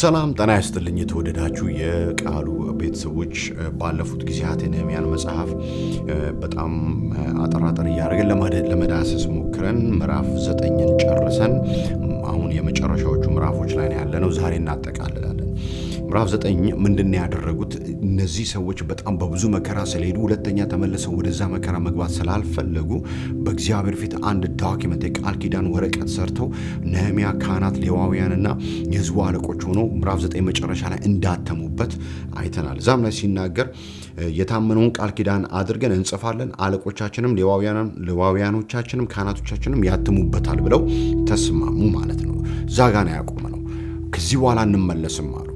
ሰላም ጠና ይስጥልኝ። የተወደዳችሁ የቃሉ ቤተሰቦች ባለፉት ጊዜያት የነህምያን መጽሐፍ በጣም አጠራጠር እያደረገን ለመዳሰስ ሞክረን ምዕራፍ ዘጠኝን ጨርሰን አሁን የመጨረሻዎቹ ምዕራፎች ላይ ያለ ዛሬ እናጠቃለን። ምዕራፍ ዘጠኝ ምንድን ያደረጉት እነዚህ ሰዎች በጣም በብዙ መከራ ስለሄዱ ሁለተኛ ተመልሰው ወደዛ መከራ መግባት ስላልፈለጉ በእግዚአብሔር ፊት አንድ ዳኪመንት የቃል ኪዳን ወረቀት ሰርተው ነህሚያ ካህናት፣ ሌዋውያንና የህዝቡ አለቆች ሆነው ምዕራፍ ዘጠኝ መጨረሻ ላይ እንዳተሙበት አይተናል። እዛም ላይ ሲናገር የታመነውን ቃል ኪዳን አድርገን እንጽፋለን፣ አለቆቻችንም ሌዋውያኖቻችንም ካህናቶቻችንም ያትሙበታል ብለው ተስማሙ ማለት ነው። እዛ ጋና ያቆመ ነው። ከዚህ በኋላ እንመለስም አሉ።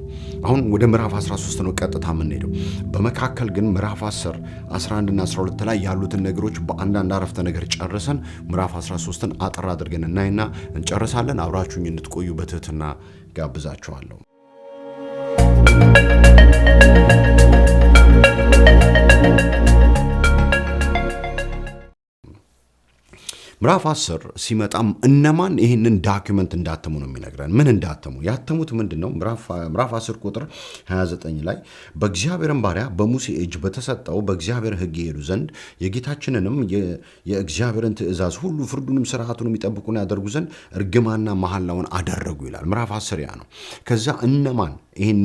አሁን ወደ ምዕራፍ 13 ነው ቀጥታ የምንሄደው። በመካከል ግን ምዕራፍ 10፣ 11 እና 12 ላይ ያሉትን ነገሮች በአንዳንድ አረፍተ ነገር ጨርሰን ምዕራፍ 13ን አጠር አድርገን እናይና እንጨርሳለን። አብራችሁኝ እንድትቆዩ በትህትና ጋብዛችኋለሁ። ምዕራፍ 10 ሲመጣም እነማን ይህንን ዳኪመንት እንዳተሙ ነው የሚነግረን። ምን እንዳተሙ ያተሙት ምንድን ነው? ምዕራፍ 10 ቁጥር 29 ላይ በእግዚአብሔርን ባሪያ በሙሴ እጅ በተሰጠው በእግዚአብሔር ሕግ ይሄዱ ዘንድ የጌታችንንም የእግዚአብሔርን ትእዛዝ ሁሉ ፍርዱንም ስርዓቱንም ይጠብቁና ያደርጉ ዘንድ እርግማና መሐላውን አደረጉ ይላል። ምዕራፍ 10 ያ ነው። ከዛ እነማን ይህን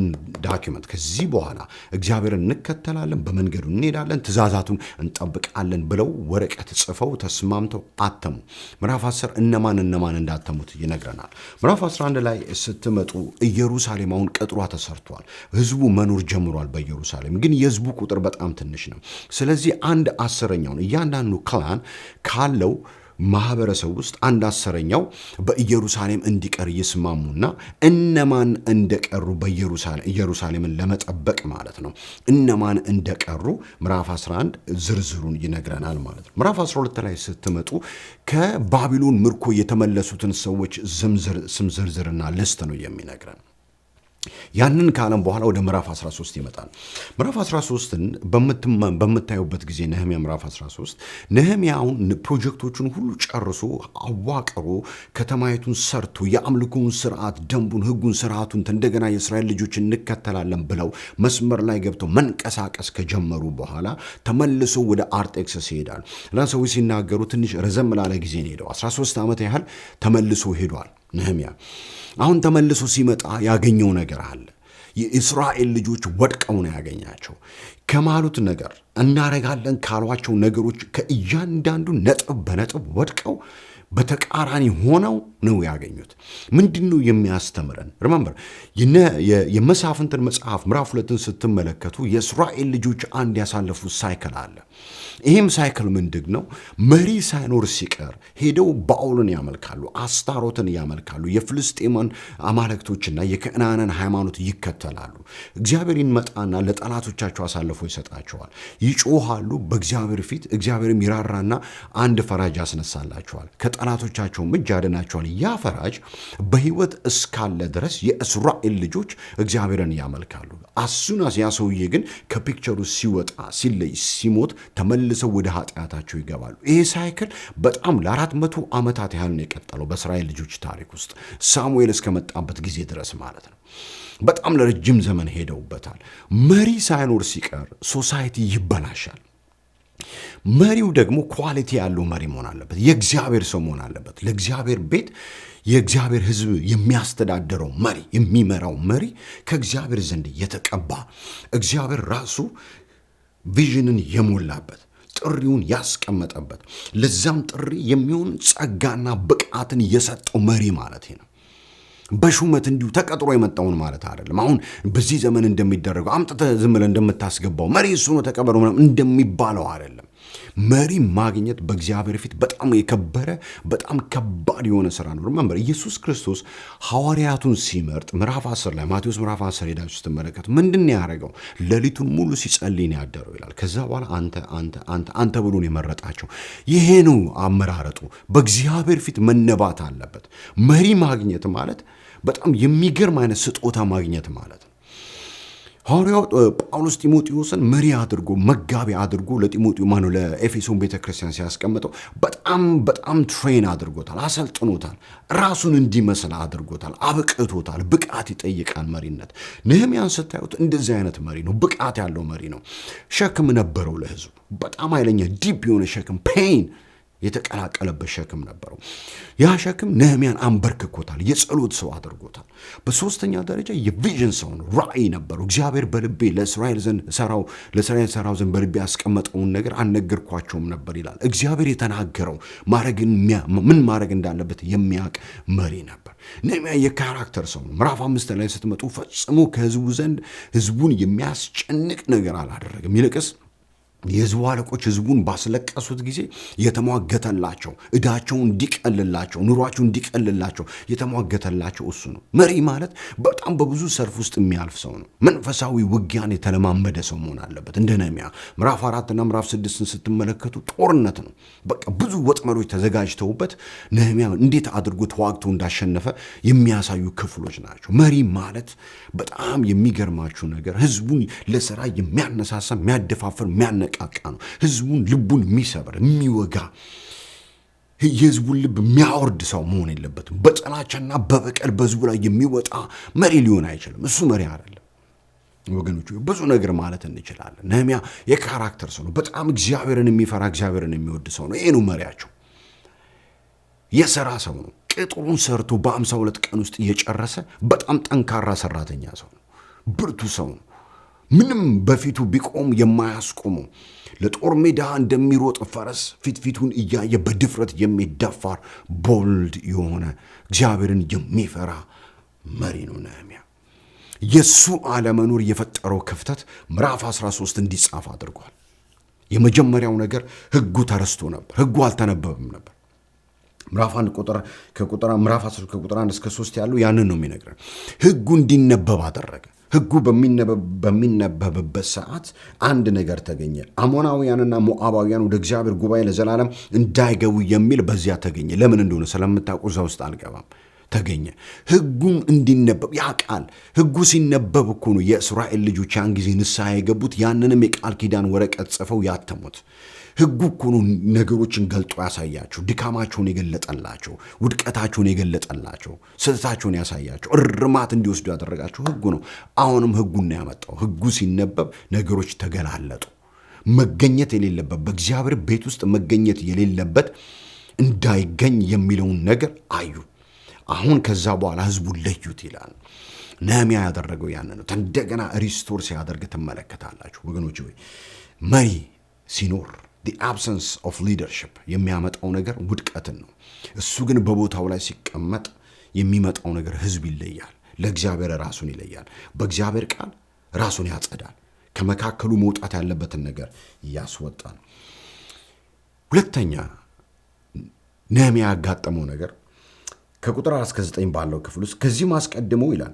ዳኪመንት ከዚህ በኋላ እግዚአብሔርን እንከተላለን፣ በመንገዱ እንሄዳለን፣ ትእዛዛቱን እንጠብቃለን ብለው ወረቀት ጽፈው ተስማምተው አተሙ። ምዕራፍ 10 እነማን እነማን እንዳተሙት ይነግረናል። ምዕራፍ 11 ላይ ስትመጡ ኢየሩሳሌም አሁን ቅጥሯ ተሰርቷል። ህዝቡ መኖር ጀምሯል በኢየሩሳሌም ግን የህዝቡ ቁጥር በጣም ትንሽ ነው። ስለዚህ አንድ አስረኛውን እያንዳንዱ ክላን ካለው ማህበረሰብ ውስጥ አንድ አስረኛው በኢየሩሳሌም እንዲቀር ይስማሙና እነማን እንደቀሩ በኢየሩሳሌምን ለመጠበቅ ማለት ነው እነማን እንደቀሩ ምዕራፍ 11 ዝርዝሩን ይነግረናል ማለት ነው። ምዕራፍ 12 ላይ ስትመጡ ከባቢሎን ምርኮ የተመለሱትን ሰዎች ስም ዝርዝርና ልስት ነው የሚነግረን። ያንን ካለም በኋላ ወደ ምዕራፍ 13 ይመጣል። ምዕራፍ 13ን በምታዩበት ጊዜ ነህሚያ ምዕራፍ 13 ነህሚያ ፕሮጀክቶቹን ሁሉ ጨርሶ አዋቅሮ ከተማይቱን ሰርቶ የአምልኮውን ስርዓት፣ ደንቡን፣ ህጉን፣ ስርዓቱን እንደገና የእስራኤል ልጆች እንከተላለን ብለው መስመር ላይ ገብተው መንቀሳቀስ ከጀመሩ በኋላ ተመልሶ ወደ አርጤክስስ ይሄዳል እና ሰዎች ሲናገሩ ትንሽ ረዘም ላለ ጊዜ ሄደው 13 ዓመት ያህል ተመልሶ ሄዷል። ነህምያ። አሁን ተመልሶ ሲመጣ ያገኘው ነገር አለ። የእስራኤል ልጆች ወድቀው ነው ያገኛቸው። ከማሉት ነገር እናረጋለን ካሏቸው ነገሮች ከእያንዳንዱ ነጥብ በነጥብ ወድቀው በተቃራኒ ሆነው ነው ያገኙት። ምንድን ነው የሚያስተምረን? ሪመምበር የመሳፍንትን መጽሐፍ ምዕራፍ ሁለትን ስትመለከቱ የእስራኤል ልጆች አንድ ያሳለፉት ሳይክል አለ። ይህም ሳይክል ምንድን ነው? መሪ ሳይኖር ሲቀር ሄደው ባኦልን ያመልካሉ፣ አስታሮትን ያመልካሉ፣ የፍልስጤማን አማልክቶችና የከነዓንን ሃይማኖት ይከተላሉ። እግዚአብሔር ይመጣና ለጠላቶቻቸው አሳልፎ ይሰጣቸዋል። ይጮሃሉ በእግዚአብሔር ፊት፣ እግዚአብሔርም ይራራና አንድ ፈራጅ ያስነሳላቸዋል፣ ከጠላቶቻቸውም እጅ ያድናቸዋል ያ ፈራጅ በህይወት እስካለ ድረስ የእስራኤል ልጆች እግዚአብሔርን ያመልካሉ። አሱናስ ያ ሰውዬ ግን ከፒክቸሩ ሲወጣ ሲለይ ሲሞት ተመልሰው ወደ ኃጢአታቸው ይገባሉ። ይሄ ሳይክል በጣም ለአራት መቶ ዓመታት ያህል ነው የቀጠለው በእስራኤል ልጆች ታሪክ ውስጥ ሳሙኤል እስከመጣበት ጊዜ ድረስ ማለት ነው። በጣም ለረጅም ዘመን ሄደውበታል። መሪ ሳይኖር ሲቀር ሶሳይቲ ይበላሻል። መሪው ደግሞ ኳሊቲ ያለው መሪ መሆን አለበት። የእግዚአብሔር ሰው መሆን አለበት። ለእግዚአብሔር ቤት የእግዚአብሔር ሕዝብ የሚያስተዳደረው መሪ የሚመራው መሪ ከእግዚአብሔር ዘንድ የተቀባ እግዚአብሔር ራሱ ቪዥንን የሞላበት ጥሪውን ያስቀመጠበት ለዛም ጥሪ የሚሆን ጸጋና ብቃትን የሰጠው መሪ ማለት ነው። በሹመት እንዲሁ ተቀጥሮ የመጣውን ማለት አይደለም። አሁን በዚህ ዘመን እንደሚደረገው አምጥተህ ዝም ብለህ እንደምታስገባው መሪ እሱ ነው ተቀበለው እንደሚባለው አይደለም። መሪ ማግኘት በእግዚአብሔር ፊት በጣም የከበረ በጣም ከባድ የሆነ ስራ ነው። ሪመምበር ኢየሱስ ክርስቶስ ሐዋርያቱን ሲመርጥ ምዕራፍ 10 ላይ ማቴዎስ ምዕራፍ 10 ሄዳችሁ ስትመለከት ምንድን ያደረገው ሌሊቱን ሙሉ ሲጸልይ ነው ያደረው ይላል። ከዛ በኋላ አንተ አንተ አንተ አንተ ብሎን የመረጣቸው ይሄ ነው አመራረጡ። በእግዚአብሔር ፊት መነባት አለበት። መሪ ማግኘት ማለት በጣም የሚገርም አይነት ስጦታ ማግኘት ማለት ነው። ሐዋርያው ጳውሎስ ጢሞቴዎስን መሪ አድርጎ መጋቢ አድርጎ ለጢሞቴዎስ ማኑ ለኤፌሶን ቤተክርስቲያን ሲያስቀምጠው በጣም በጣም ትሬን አድርጎታል፣ አሰልጥኖታል፣ ራሱን እንዲመስል አድርጎታል፣ አብቅቶታል። ብቃት ይጠይቃል መሪነት። ነህምያን ስታዩት እንደዚህ አይነት መሪ ነው፣ ብቃት ያለው መሪ ነው። ሸክም ነበረው ለህዝቡ በጣም ኃይለኛ ዲፕ የሆነ ሸክም ፔይን የተቀላቀለበት ሸክም ነበረው። ያ ሸክም ነህሚያን አንበርክኮታል፣ የጸሎት ሰው አድርጎታል። በሶስተኛ ደረጃ የቪዥን ሰው ነው፣ ራእይ ነበረው። እግዚአብሔር በልቤ ለእስራኤል ዘንድ ሰራው ለእስራኤል ሰራው ዘንድ በልቤ ያስቀመጠውን ነገር አልነገርኳቸውም ነበር ይላል። እግዚአብሔር የተናገረው ማረግን ምን ማድረግ እንዳለበት የሚያውቅ መሪ ነበር። ነህሚያ የካራክተር ሰው ነው። ምዕራፍ አምስት ላይ ስትመጡ ፈጽሞ ከህዝቡ ዘንድ ህዝቡን የሚያስጨንቅ ነገር አላደረግም ይልቅስ የህዝቡ አለቆች ህዝቡን ባስለቀሱት ጊዜ የተሟገተላቸው እዳቸውን እንዲቀልላቸው ኑሯቸው እንዲቀልላቸው የተሟገተላቸው እሱ ነው። መሪ ማለት በጣም በብዙ ሰልፍ ውስጥ የሚያልፍ ሰው ነው። መንፈሳዊ ውጊያን የተለማመደ ሰው መሆን አለበት። እንደ ነህምያ ምዕራፍ አራትና ምዕራፍ ስድስትን ስትመለከቱ ጦርነት ነው። በቃ ብዙ ወጥመዶች ተዘጋጅተውበት ነህምያ እንዴት አድርጎ ተዋግቶ እንዳሸነፈ የሚያሳዩ ክፍሎች ናቸው። መሪ ማለት በጣም የሚገርማችሁ ነገር ህዝቡን ለስራ የሚያነሳሳ የሚያደፋፍር የሚያነ የሚያነቃቃ ነው። ህዝቡን ልቡን የሚሰብር የሚወጋ የህዝቡን ልብ የሚያወርድ ሰው መሆን የለበትም። በጥላቻና በበቀል በህዝቡ ላይ የሚወጣ መሪ ሊሆን አይችልም። እሱ መሪ አይደለም። ወገኖቹ ብዙ ነገር ማለት እንችላለን። ነህሚያ የካራክተር ሰው ነው። በጣም እግዚአብሔርን የሚፈራ እግዚአብሔርን የሚወድ ሰው ነው። ይሄ ነው መሪያቸው። የሰራ ሰው ነው። ቅጥሩን ሰርቶ በ52 ቀን ውስጥ እየጨረሰ በጣም ጠንካራ ሰራተኛ ሰው ነው። ብርቱ ሰው ነው። ምንም በፊቱ ቢቆም የማያስቆመው ለጦር ሜዳ እንደሚሮጥ ፈረስ ፊትፊቱን እያየ በድፍረት የሚዳፋር ቦልድ የሆነ እግዚአብሔርን የሚፈራ መሪ ነው ነህምያ። የእሱ አለመኖር የፈጠረው ክፍተት ምዕራፍ 13 እንዲጻፍ አድርጓል። የመጀመሪያው ነገር ህጉ ተረስቶ ነበር። ህጉ አልተነበበም ነበር። ምዕራፍ አንድ ቁጥር ከቁጥር ምዕራፍ 10 ከቁጥር 1 እስከ 3 ያለው ያንን ነው የሚነግረን። ህጉ እንዲነበብ አደረገ። ህጉ በሚነበብበት ሰዓት አንድ ነገር ተገኘ። አሞናውያንና ሞዓባውያን ወደ እግዚአብሔር ጉባኤ ለዘላለም እንዳይገቡ የሚል በዚያ ተገኘ። ለምን እንደሆነ ስለምታውቁ እዛ ውስጥ አልገባም። ተገኘ። ህጉም እንዲነበብ ያ ቃል ህጉ ሲነበብ እኮ ነው የእስራኤል ልጆች ያን ጊዜ ንስሐ የገቡት ያንንም የቃል ኪዳን ወረቀት ጽፈው ያተሙት። ህጉ እኮ ነው ነገሮችን ገልጦ ያሳያቸው፣ ድካማቸውን የገለጠላቸው፣ ውድቀታቸውን የገለጠላቸው፣ ስህተታቸውን ያሳያቸው፣ እርማት እንዲወስዱ ያደረጋቸው ህጉ ነው። አሁንም ህጉና ያመጣው። ህጉ ሲነበብ ነገሮች ተገላለጡ። መገኘት የሌለበት በእግዚአብሔር ቤት ውስጥ መገኘት የሌለበት እንዳይገኝ የሚለውን ነገር አዩ። አሁን ከዛ በኋላ ህዝቡ ለዩት ይላል። ነህምያ ያደረገው ያን ነው። እንደገና ሪስቶር ሲያደርግ ትመለከታላችሁ ወገኖች። ወይ መሪ ሲኖር the absence of leadership የሚያመጣው ነገር ውድቀትን ነው። እሱ ግን በቦታው ላይ ሲቀመጥ የሚመጣው ነገር ህዝብ ይለያል፣ ለእግዚአብሔር ራሱን ይለያል፣ በእግዚአብሔር ቃል ራሱን ያጸዳል፣ ከመካከሉ መውጣት ያለበትን ነገር ያስወጣል። ሁለተኛ ነህምያ ያጋጠመው ነገር ከቁጥር 49 ባለው ክፍል ውስጥ ከዚህም አስቀድሞ ይላል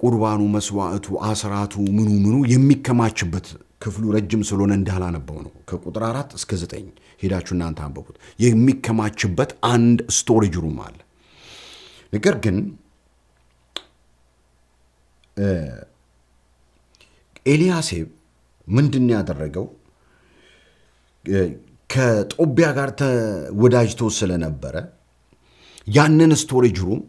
ቁርባኑ፣ መስዋዕቱ፣ አስራቱ ምኑ ምኑ የሚከማችበት ክፍሉ ረጅም ስለሆነ እንዳላነበው ነው። ከቁጥር አራት እስከ ዘጠኝ ሄዳችሁ እናንተ አንበቡት። የሚከማችበት አንድ ስቶሬጅ ሩም አለ። ነገር ግን ኤልያሴብ ምንድን ያደረገው ከጦቢያ ጋር ተወዳጅቶ ስለነበረ ያንን ስቶሬጅ ሩም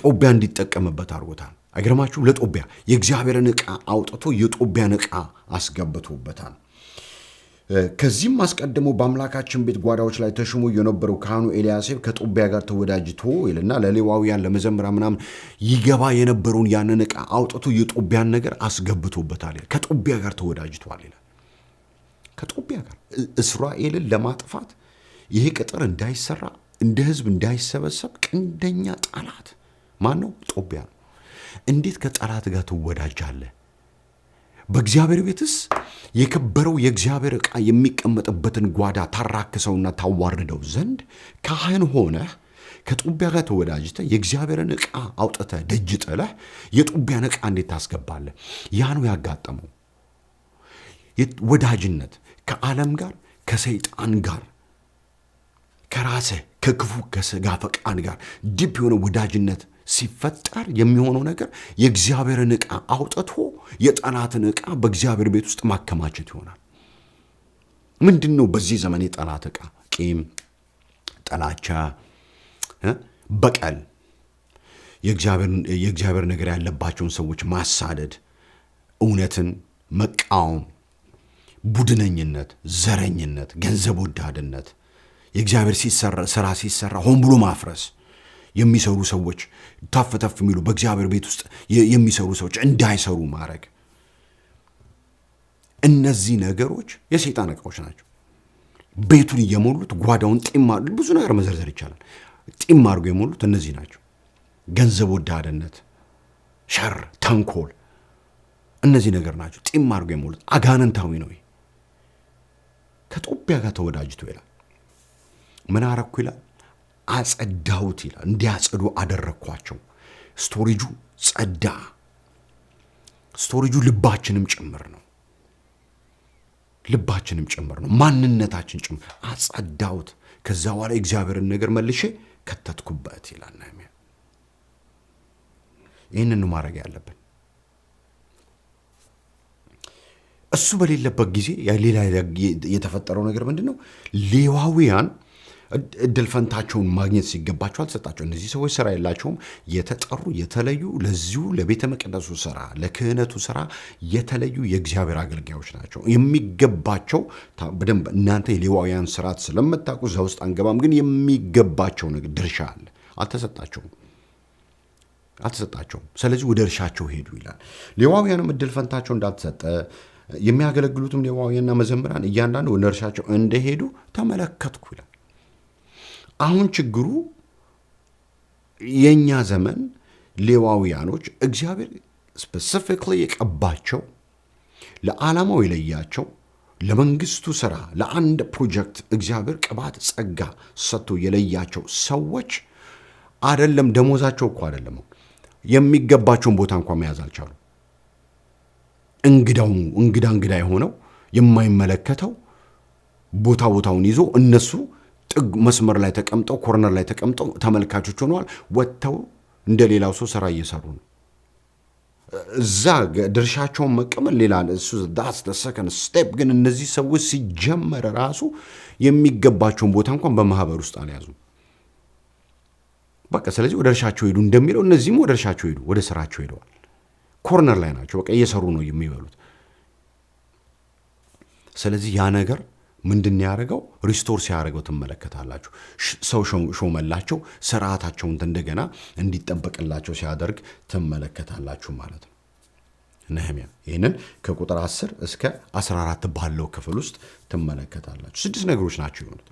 ጦቢያ እንዲጠቀምበት አድርጎታል። አይገርማችሁም? ለጦቢያ የእግዚአብሔርን ዕቃ አውጥቶ የጦቢያን ዕቃ አስገብቶበታል። ከዚህም አስቀድሞ በአምላካችን ቤት ጓዳዎች ላይ ተሾሞ የነበረው ካህኑ ኤልያሴብ ከጦቢያ ጋር ተወዳጅቶ ይልና ለሌዋውያን ለመዘምራ ምናምን ይገባ የነበረውን ያንን ዕቃ አውጥቶ የጦቢያን ነገር አስገብቶበታል። ከጦቢያ ጋር ተወዳጅቷል ይላል። ከጦቢያ ጋር እስራኤልን ለማጥፋት ይሄ ቅጥር እንዳይሰራ እንደ ህዝብ እንዳይሰበሰብ ቀንደኛ ጠላት ማን ነው? ጦቢያ ነው። እንዴት ከጠላት ጋር ትወዳጃለህ? በእግዚአብሔር ቤትስ የከበረው የእግዚአብሔር ዕቃ የሚቀመጥበትን ጓዳ ታራክሰውና ታዋርደው ዘንድ ካህን ሆነህ ከጦቢያ ጋር ተወዳጅተ የእግዚአብሔርን ዕቃ አውጥተ ደጅ ጥለህ የጦቢያን ዕቃ እንዴት ታስገባለህ? ያ ነው ያጋጠመው ወዳጅነት ከዓለም ጋር ከሰይጣን ጋር ከራስ ከክፉ ከስጋ ፈቃድ ጋር ዲፕ የሆነ ወዳጅነት ሲፈጠር የሚሆነው ነገር የእግዚአብሔርን ዕቃ አውጥቶ የጠላትን ዕቃ በእግዚአብሔር ቤት ውስጥ ማከማቸት ይሆናል። ምንድን ነው በዚህ ዘመን የጠላት ዕቃ? ቂም፣ ጠላቻ፣ በቀል፣ የእግዚአብሔር ነገር ያለባቸውን ሰዎች ማሳደድ፣ እውነትን መቃወም፣ ቡድነኝነት፣ ዘረኝነት፣ ገንዘብ ወዳድነት የእግዚአብሔር ስራ ሲሰራ ሆን ብሎ ማፍረስ የሚሰሩ ሰዎች ተፍ ተፍ የሚሉ በእግዚአብሔር ቤት ውስጥ የሚሰሩ ሰዎች እንዳይሰሩ ማድረግ፣ እነዚህ ነገሮች የሰይጣን እቃዎች ናቸው። ቤቱን እየሞሉት ጓዳውን ጢማ ብዙ ነገር መዘርዘር ይቻላል። ጢም አድርጎ የሞሉት እነዚህ ናቸው። ገንዘብ ወዳድነት፣ ሸር፣ ተንኮል፣ እነዚህ ነገር ናቸው። ጢም አድርጎ የሞሉት አጋንንታዊ ነው። ከጦቢያ ጋር ተወዳጅቶ ይላል ምን አረኩ ይላል፣ አጸዳሁት ይላል። እንዲያጸዱ አደረግኳቸው። ስቶሬጁ ጸዳ። ስቶሪጁ ልባችንም ጭምር ነው። ልባችንም ጭምር ነው። ማንነታችን ጭምር አጸዳሁት። ከዛ በኋላ እግዚአብሔርን ነገር መልሼ ከተትኩበት ይላል ነህምያ። ይህንን ማድረግ ያለብን እሱ በሌለበት ጊዜ ሌላ የተፈጠረው ነገር ምንድን ነው? ሌዋውያን እድል ፈንታቸውን ማግኘት ሲገባቸው አልተሰጣቸው። እነዚህ ሰዎች ስራ የላቸውም። የተጠሩ የተለዩ ለዚሁ ለቤተ መቅደሱ ስራ ለክህነቱ ስራ የተለዩ የእግዚአብሔር አገልጋዮች ናቸው የሚገባቸው። በደንብ እናንተ የሌዋውያን ስርዓት ስለምታውቁ እዛ ውስጥ አንገባም፣ ግን የሚገባቸው ድርሻ አለ። አልተሰጣቸውም አልተሰጣቸውም። ስለዚህ ወደ እርሻቸው ሄዱ ይላል። ሌዋውያንም እድል ፈንታቸው እንዳልተሰጠ የሚያገለግሉትም ሌዋውያንና መዘምራን እያንዳንዱ ወደ እርሻቸው እንደሄዱ ተመለከትኩ ይላል። አሁን ችግሩ የእኛ ዘመን ሌዋውያኖች እግዚአብሔር ስፔሲፊክሊ የቀባቸው ለዓላማው የለያቸው ለመንግስቱ ስራ ለአንድ ፕሮጀክት እግዚአብሔር ቅባት ጸጋ ሰጥቶ የለያቸው ሰዎች አደለም። ደሞዛቸው እኮ አደለም የሚገባቸውን ቦታ እንኳ መያዝ አልቻሉ። እንግዳው እንግዳ እንግዳ የሆነው የማይመለከተው ቦታ ቦታውን ይዞ እነሱ ጥግ መስመር ላይ ተቀምጠው ኮርነር ላይ ተቀምጠው ተመልካቾች ሆነዋል። ወጥተው እንደ ሌላው ሰው ስራ እየሰሩ ነው። እዛ ድርሻቸውን መቀመል ሌላ እሱ ዳስ ሰከንድ ስቴፕ። ግን እነዚህ ሰዎች ሲጀመረ ራሱ የሚገባቸውን ቦታ እንኳን በማህበር ውስጥ አልያዙም። በቃ ስለዚህ ወደ እርሻቸው ሄዱ እንደሚለው እነዚህም ወደ እርሻቸው ሄዱ፣ ወደ ስራቸው ሄደዋል። ኮርነር ላይ ናቸው። በቃ እየሰሩ ነው የሚበሉት። ስለዚህ ያ ነገር ምንድን ያደረገው ሪስቶር ሲያደርገው ትመለከታላችሁ። ሰው ሾመላቸው፣ ስርዓታቸውን እንደገና እንዲጠበቅላቸው ሲያደርግ ትመለከታላችሁ ማለት ነው። ነህሚያ ይህንን ከቁጥር 10 እስከ 14 ባለው ክፍል ውስጥ ትመለከታላችሁ። ስድስት ነገሮች ናቸው የሆኑት።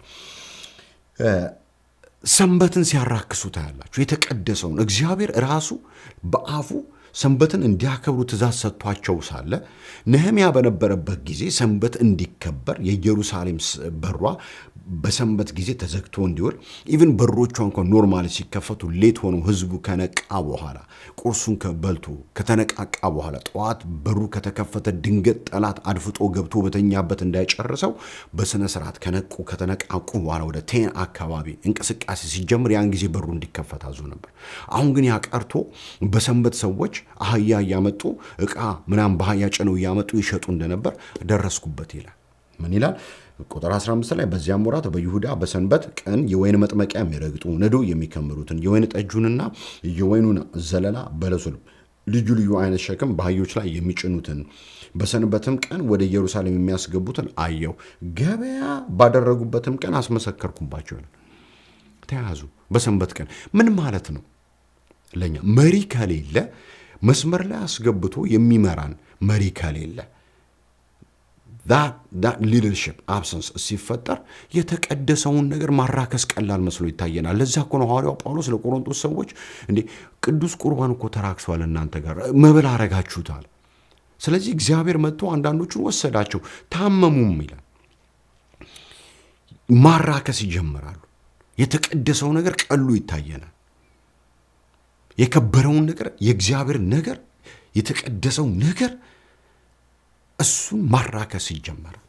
ሰንበትን ሲያራክሱ ታያላችሁ። የተቀደሰውን እግዚአብሔር ራሱ በአፉ ሰንበትን እንዲያከብሩ ትእዛዝ ሰጥቷቸው ሳለ ነህምያ በነበረበት ጊዜ ሰንበት እንዲከበር የኢየሩሳሌም በሯ በሰንበት ጊዜ ተዘግቶ እንዲውል ኢቭን በሮቿ እንኳ ኖርማል ሲከፈቱ ሌት ሆነው ህዝቡ ከነቃ በኋላ ቁርሱን ከበልቶ ከተነቃቃ በኋላ ጠዋት በሩ ከተከፈተ ድንገት ጠላት አድፍጦ ገብቶ በተኛበት እንዳይጨርሰው በስነ ስርዓት ከነቁ ከተነቃቁ በኋላ ወደ ቴን አካባቢ እንቅስቃሴ ሲጀምር ያን ጊዜ በሩ እንዲከፈት አዞ ነበር። አሁን ግን ያቀርቶ በሰንበት ሰዎች አህያ እያመጡ እቃ ምናምን በአህያ ጭነው እያመጡ ይሸጡ እንደነበር ደረስኩበት ይላል። ምን ይላል? ቁጥር 15 ላይ በዚያም ወራት በይሁዳ በሰንበት ቀን የወይን መጥመቂያ የሚረግጡ ነዶ የሚከምሩትን የወይን ጠጁንና የወይኑን ዘለላ በለሱን ልዩ ልዩ አይነት ሸክም በአህዮች ላይ የሚጭኑትን በሰንበትም ቀን ወደ ኢየሩሳሌም የሚያስገቡትን አየሁ። ገበያ ባደረጉበትም ቀን አስመሰከርኩባቸው። ተያዙ። በሰንበት ቀን ምን ማለት ነው? ለእኛ መሪ ከሌለ መስመር ላይ አስገብቶ የሚመራን መሪ ከሌለ ሊደርሽፕ አብሰንስ ሲፈጠር የተቀደሰውን ነገር ማራከስ ቀላል መስሎ ይታየናል። ለዛ እኮ ነው ሐዋርያው ጳውሎስ ለቆሮንቶስ ሰዎች እንዴ ቅዱስ ቁርባን እኮ ተራክሷል፣ እናንተ ጋር መብል አረጋችሁታል። ስለዚህ እግዚአብሔር መጥቶ አንዳንዶቹን ወሰዳቸው፣ ታመሙም ይላል። ማራከስ ይጀምራሉ። የተቀደሰው ነገር ቀሉ ይታየናል። የከበረውን ነገር የእግዚአብሔር ነገር የተቀደሰው ነገር እሱን ማራከስ ይጀመራል።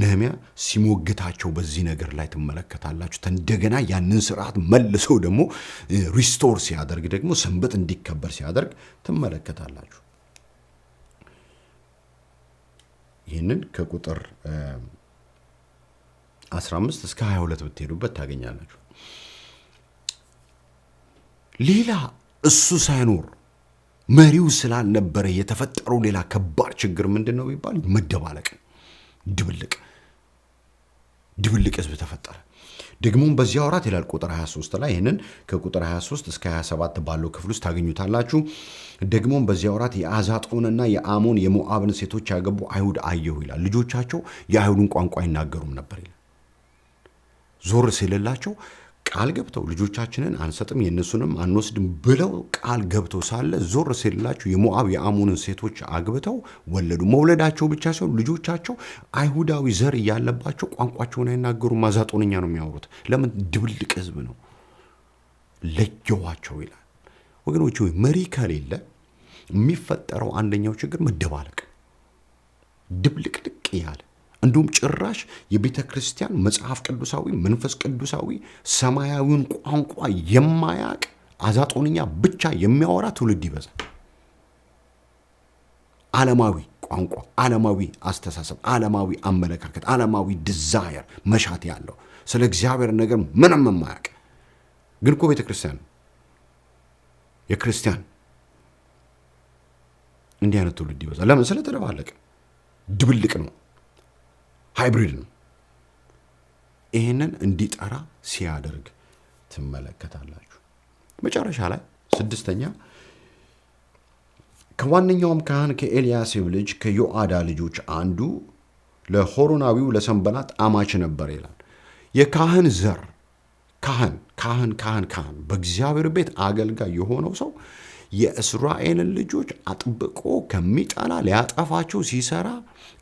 ነህሚያ ሲሞግታቸው በዚህ ነገር ላይ ትመለከታላችሁ። እንደገና ያንን ስርዓት መልሰው ደግሞ ሪስቶር ሲያደርግ ደግሞ ሰንበት እንዲከበር ሲያደርግ ትመለከታላችሁ። ይህንን ከቁጥር 15 እስከ 22 ብትሄዱበት ታገኛላችሁ። ሌላ እሱ ሳይኖር መሪው ስላልነበረ የተፈጠረው ሌላ ከባድ ችግር ምንድን ነው ቢባል መደባለቅ፣ ድብልቅ ድብልቅ ህዝብ ተፈጠረ። ደግሞም በዚያ ወራት ይላል ቁጥር 23 ላይ ይህንን ከቁጥር 23 እስከ 27 ባለው ክፍል ውስጥ ታገኙታላችሁ። ደግሞም በዚያ ወራት የአዛጦንና የአሞን የሞአብን ሴቶች ያገቡ አይሁድ አየሁ ይላል። ልጆቻቸው የአይሁድን ቋንቋ ይናገሩም ነበር ይላል። ዞር ሲልላቸው ቃል ገብተው ልጆቻችንን አንሰጥም የእነሱንም አንወስድም ብለው ቃል ገብተው ሳለ ዞር ሲላቸው የሞዓብ የአሞንን ሴቶች አግብተው ወለዱ። መውለዳቸው ብቻ ሲሆን ልጆቻቸው አይሁዳዊ ዘር እያለባቸው ቋንቋቸውን አይናገሩ ማዛጦንኛ ነው የሚያወሩት። ለምን ድብልቅ ህዝብ ነው። ለየዋቸው ይላል። ወገኖች ወይ መሪ ከሌለ የሚፈጠረው አንደኛው ችግር መደባለቅ፣ ድብልቅልቅ ያለ እንዲሁም ጭራሽ የቤተ ክርስቲያን መጽሐፍ ቅዱሳዊ መንፈስ ቅዱሳዊ ሰማያዊውን ቋንቋ የማያቅ አዛጦንኛ ብቻ የሚያወራ ትውልድ ይበዛል። ዓለማዊ ቋንቋ፣ ዓለማዊ አስተሳሰብ፣ ዓለማዊ አመለካከት፣ ዓለማዊ ዲዛየር መሻት ያለው ስለ እግዚአብሔር ነገር ምንም የማያውቅ ግን እኮ ቤተ ክርስቲያን የክርስቲያን እንዲህ አይነት ትውልድ ይበዛል። ለምን? ስለተደባለቀ ድብልቅ ነው። ሃይብሪድ ነው። ይህንን እንዲጠራ ሲያደርግ ትመለከታላችሁ። መጨረሻ ላይ ስድስተኛ ከዋነኛውም ካህን ከኤልያሴብ ልጅ ከዮአዳ ልጆች አንዱ ለሆሮናዊው ለሰንበላት አማች ነበር ይላል። የካህን ዘር ካህን ካህን ካህን ካህን በእግዚአብሔር ቤት አገልጋይ የሆነው ሰው የእስራኤልን ልጆች አጥብቆ ከሚጠላ ሊያጠፋቸው ሲሰራ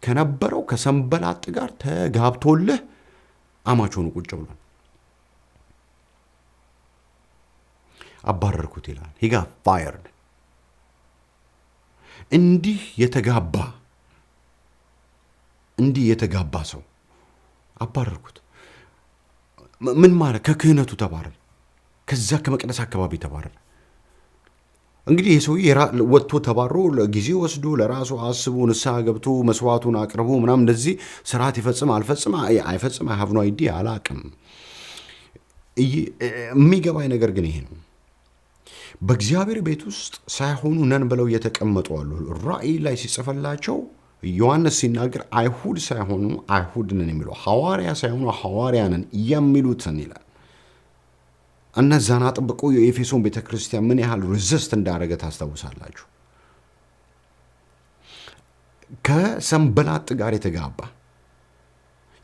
ከነበረው ከሰንበላጥ ጋር ተጋብቶልህ አማች ሆኖ ቁጭ ብሏል። አባረርኩት ይላል። ሂጋ ፋየርድ እንዲህ የተጋባ እንዲህ የተጋባ ሰው አባረርኩት። ምን ማለት ከክህነቱ ተባረረ። ከዛ ከመቅደስ አካባቢ ተባረረ። እንግዲህ ይህ ሰውዬ ወጥቶ ተባሮ ጊዜ ወስዶ ለራሱ አስቦ ንስሐ ገብቶ መስዋዕቱን አቅርቦ ምናም እንደዚህ ስርዓት ይፈጽም አልፈጽም አይፈጽም አይሀብኖ አይዲ አላቅም። የሚገባኝ ነገር ግን ይሄ ነው። በእግዚአብሔር ቤት ውስጥ ሳይሆኑ ነን ብለው እየተቀመጡ አሉ። ራእይ ላይ ሲጽፈላቸው ዮሐንስ ሲናገር አይሁድ ሳይሆኑ አይሁድ ነን የሚለው ሐዋርያ ሳይሆኑ ሐዋርያ ነን የሚሉትን ይላል። እነዛን አጥብቆ የኤፌሶን ቤተ ክርስቲያን ምን ያህል ሪዝስት እንዳደረገ ታስታውሳላችሁ። ከሰንበላጥ ጋር የተጋባ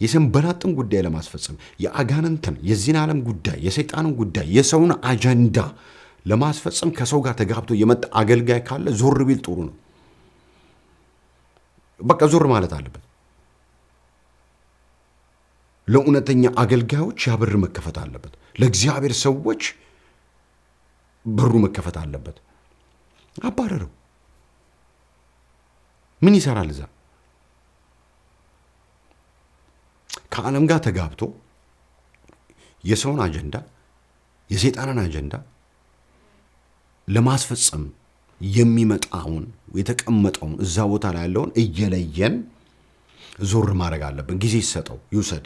የሰንበላጥን ጉዳይ ለማስፈጸም የአጋንንትን፣ የዚህን ዓለም ጉዳይ፣ የሰይጣንን ጉዳይ፣ የሰውን አጀንዳ ለማስፈጸም ከሰው ጋር ተጋብቶ የመጣ አገልጋይ ካለ ዞር ቢል ጥሩ ነው። በቃ ዞር ማለት አለበት። ለእውነተኛ አገልጋዮች ያ በር መከፈት አለበት። ለእግዚአብሔር ሰዎች በሩ መከፈት አለበት። አባረረው። ምን ይሰራል እዛ? ከዓለም ጋር ተጋብቶ የሰውን አጀንዳ የሰይጣንን አጀንዳ ለማስፈጸም የሚመጣውን የተቀመጠውን እዛ ቦታ ላይ ያለውን እየለየን ዞር ማድረግ አለብን። ጊዜ ይሰጠው፣ ይውሰድ።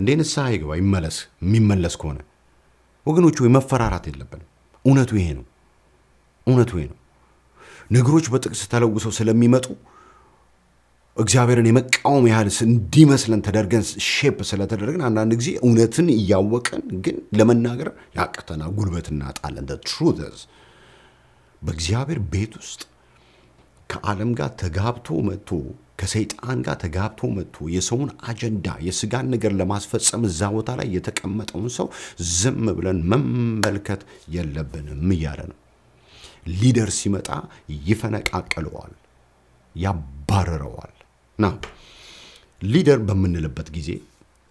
እንዴ ንስሐ ይግባ ይመለስ። የሚመለስ ከሆነ ወገኖቹ ወይ መፈራራት የለብንም። እውነቱ ይሄ ነው። እውነቱ ይሄ ነው። ነገሮች በጥቅስ ተለውሰው ስለሚመጡ እግዚአብሔርን የመቃወም ያህል እንዲመስለን ተደርገን ሼፕ ስለተደረግን አንዳንድ ጊዜ እውነትን እያወቀን ግን ለመናገር ያቅተና ጉልበት እናጣለን። ትሩዝ በእግዚአብሔር ቤት ውስጥ ከዓለም ጋር ተጋብቶ መጥቶ ከሰይጣን ጋር ተጋብቶ መጥቶ የሰውን አጀንዳ የስጋን ነገር ለማስፈጸም እዛ ቦታ ላይ የተቀመጠውን ሰው ዝም ብለን መመልከት የለብንም እያለ ነው። ሊደር ሲመጣ ይፈነቃቀለዋል ያባረረዋል። ና ሊደር በምንልበት ጊዜ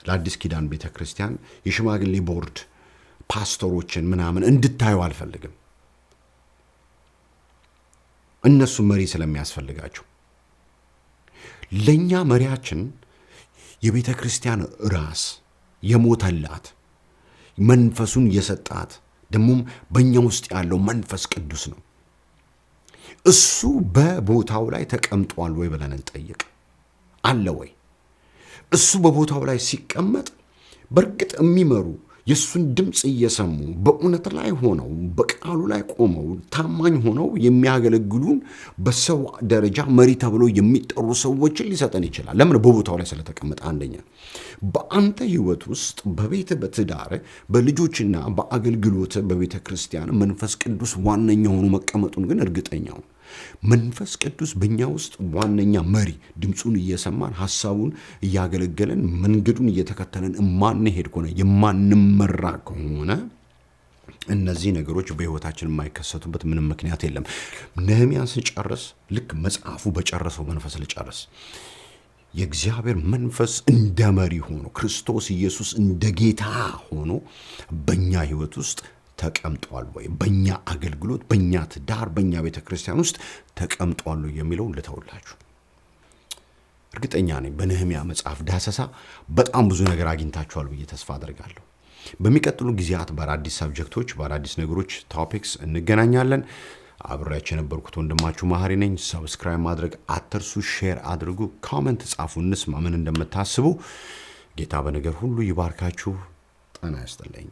ለአዲስ ኪዳን ቤተ ክርስቲያን የሽማግሌ ቦርድ ፓስተሮችን ምናምን እንድታዩ አልፈልግም። እነሱ መሪ ስለሚያስፈልጋቸው ለእኛ መሪያችን የቤተ ክርስቲያን ራስ የሞተላት መንፈሱን የሰጣት ደግሞም በእኛ ውስጥ ያለው መንፈስ ቅዱስ ነው። እሱ በቦታው ላይ ተቀምጧል ወይ ብለን እንጠይቅ። አለ ወይ? እሱ በቦታው ላይ ሲቀመጥ በእርግጥ የሚመሩ የእሱን ድምፅ እየሰሙ በእውነት ላይ ሆነው በቃሉ ላይ ቆመው ታማኝ ሆነው የሚያገለግሉን በሰው ደረጃ መሪ ተብሎ የሚጠሩ ሰዎችን ሊሰጠን ይችላል። ለምን? በቦታው ላይ ስለተቀመጠ። አንደኛ በአንተ ህይወት ውስጥ በቤት በትዳር በልጆችና በአገልግሎት በቤተ ክርስቲያን መንፈስ ቅዱስ ዋነኛ ሆኖ መቀመጡን ግን እርግጠኛው መንፈስ ቅዱስ በእኛ ውስጥ ዋነኛ መሪ፣ ድምፁን እየሰማን ሀሳቡን እያገለገለን መንገዱን እየተከተለን የማንሄድ ከሆነ የማንመራ ከሆነ እነዚህ ነገሮች በህይወታችን የማይከሰቱበት ምንም ምክንያት የለም። ነህሚያን ስጨርስ ልክ መጽሐፉ በጨረሰው መንፈስ ልጨርስ የእግዚአብሔር መንፈስ እንደ መሪ ሆኖ ክርስቶስ ኢየሱስ እንደ ጌታ ሆኖ በእኛ ህይወት ውስጥ ተቀምጧል ወይ፣ በእኛ አገልግሎት፣ በእኛ ትዳር፣ በእኛ ቤተ ክርስቲያን ውስጥ ተቀምጧል ወይ የሚለውን ልተውላችሁ። እርግጠኛ ነኝ በነህሚያ መጽሐፍ ዳሰሳ በጣም ብዙ ነገር አግኝታችኋል ብዬ ተስፋ አደርጋለሁ። በሚቀጥሉ ጊዜያት በአዳዲስ ሰብጀክቶች፣ በአዳዲስ ነገሮች ቶፒክስ እንገናኛለን። አብሬያችሁ የነበርኩት ወንድማችሁ መሀሪ ነኝ። ሰብስክራይብ ማድረግ አትርሱ። ሼር አድርጉ፣ ኮመንት ጻፉ፣ እንስማ ምን እንደምታስቡ። ጌታ በነገር ሁሉ ይባርካችሁ። ጤና ይስጥልኝ።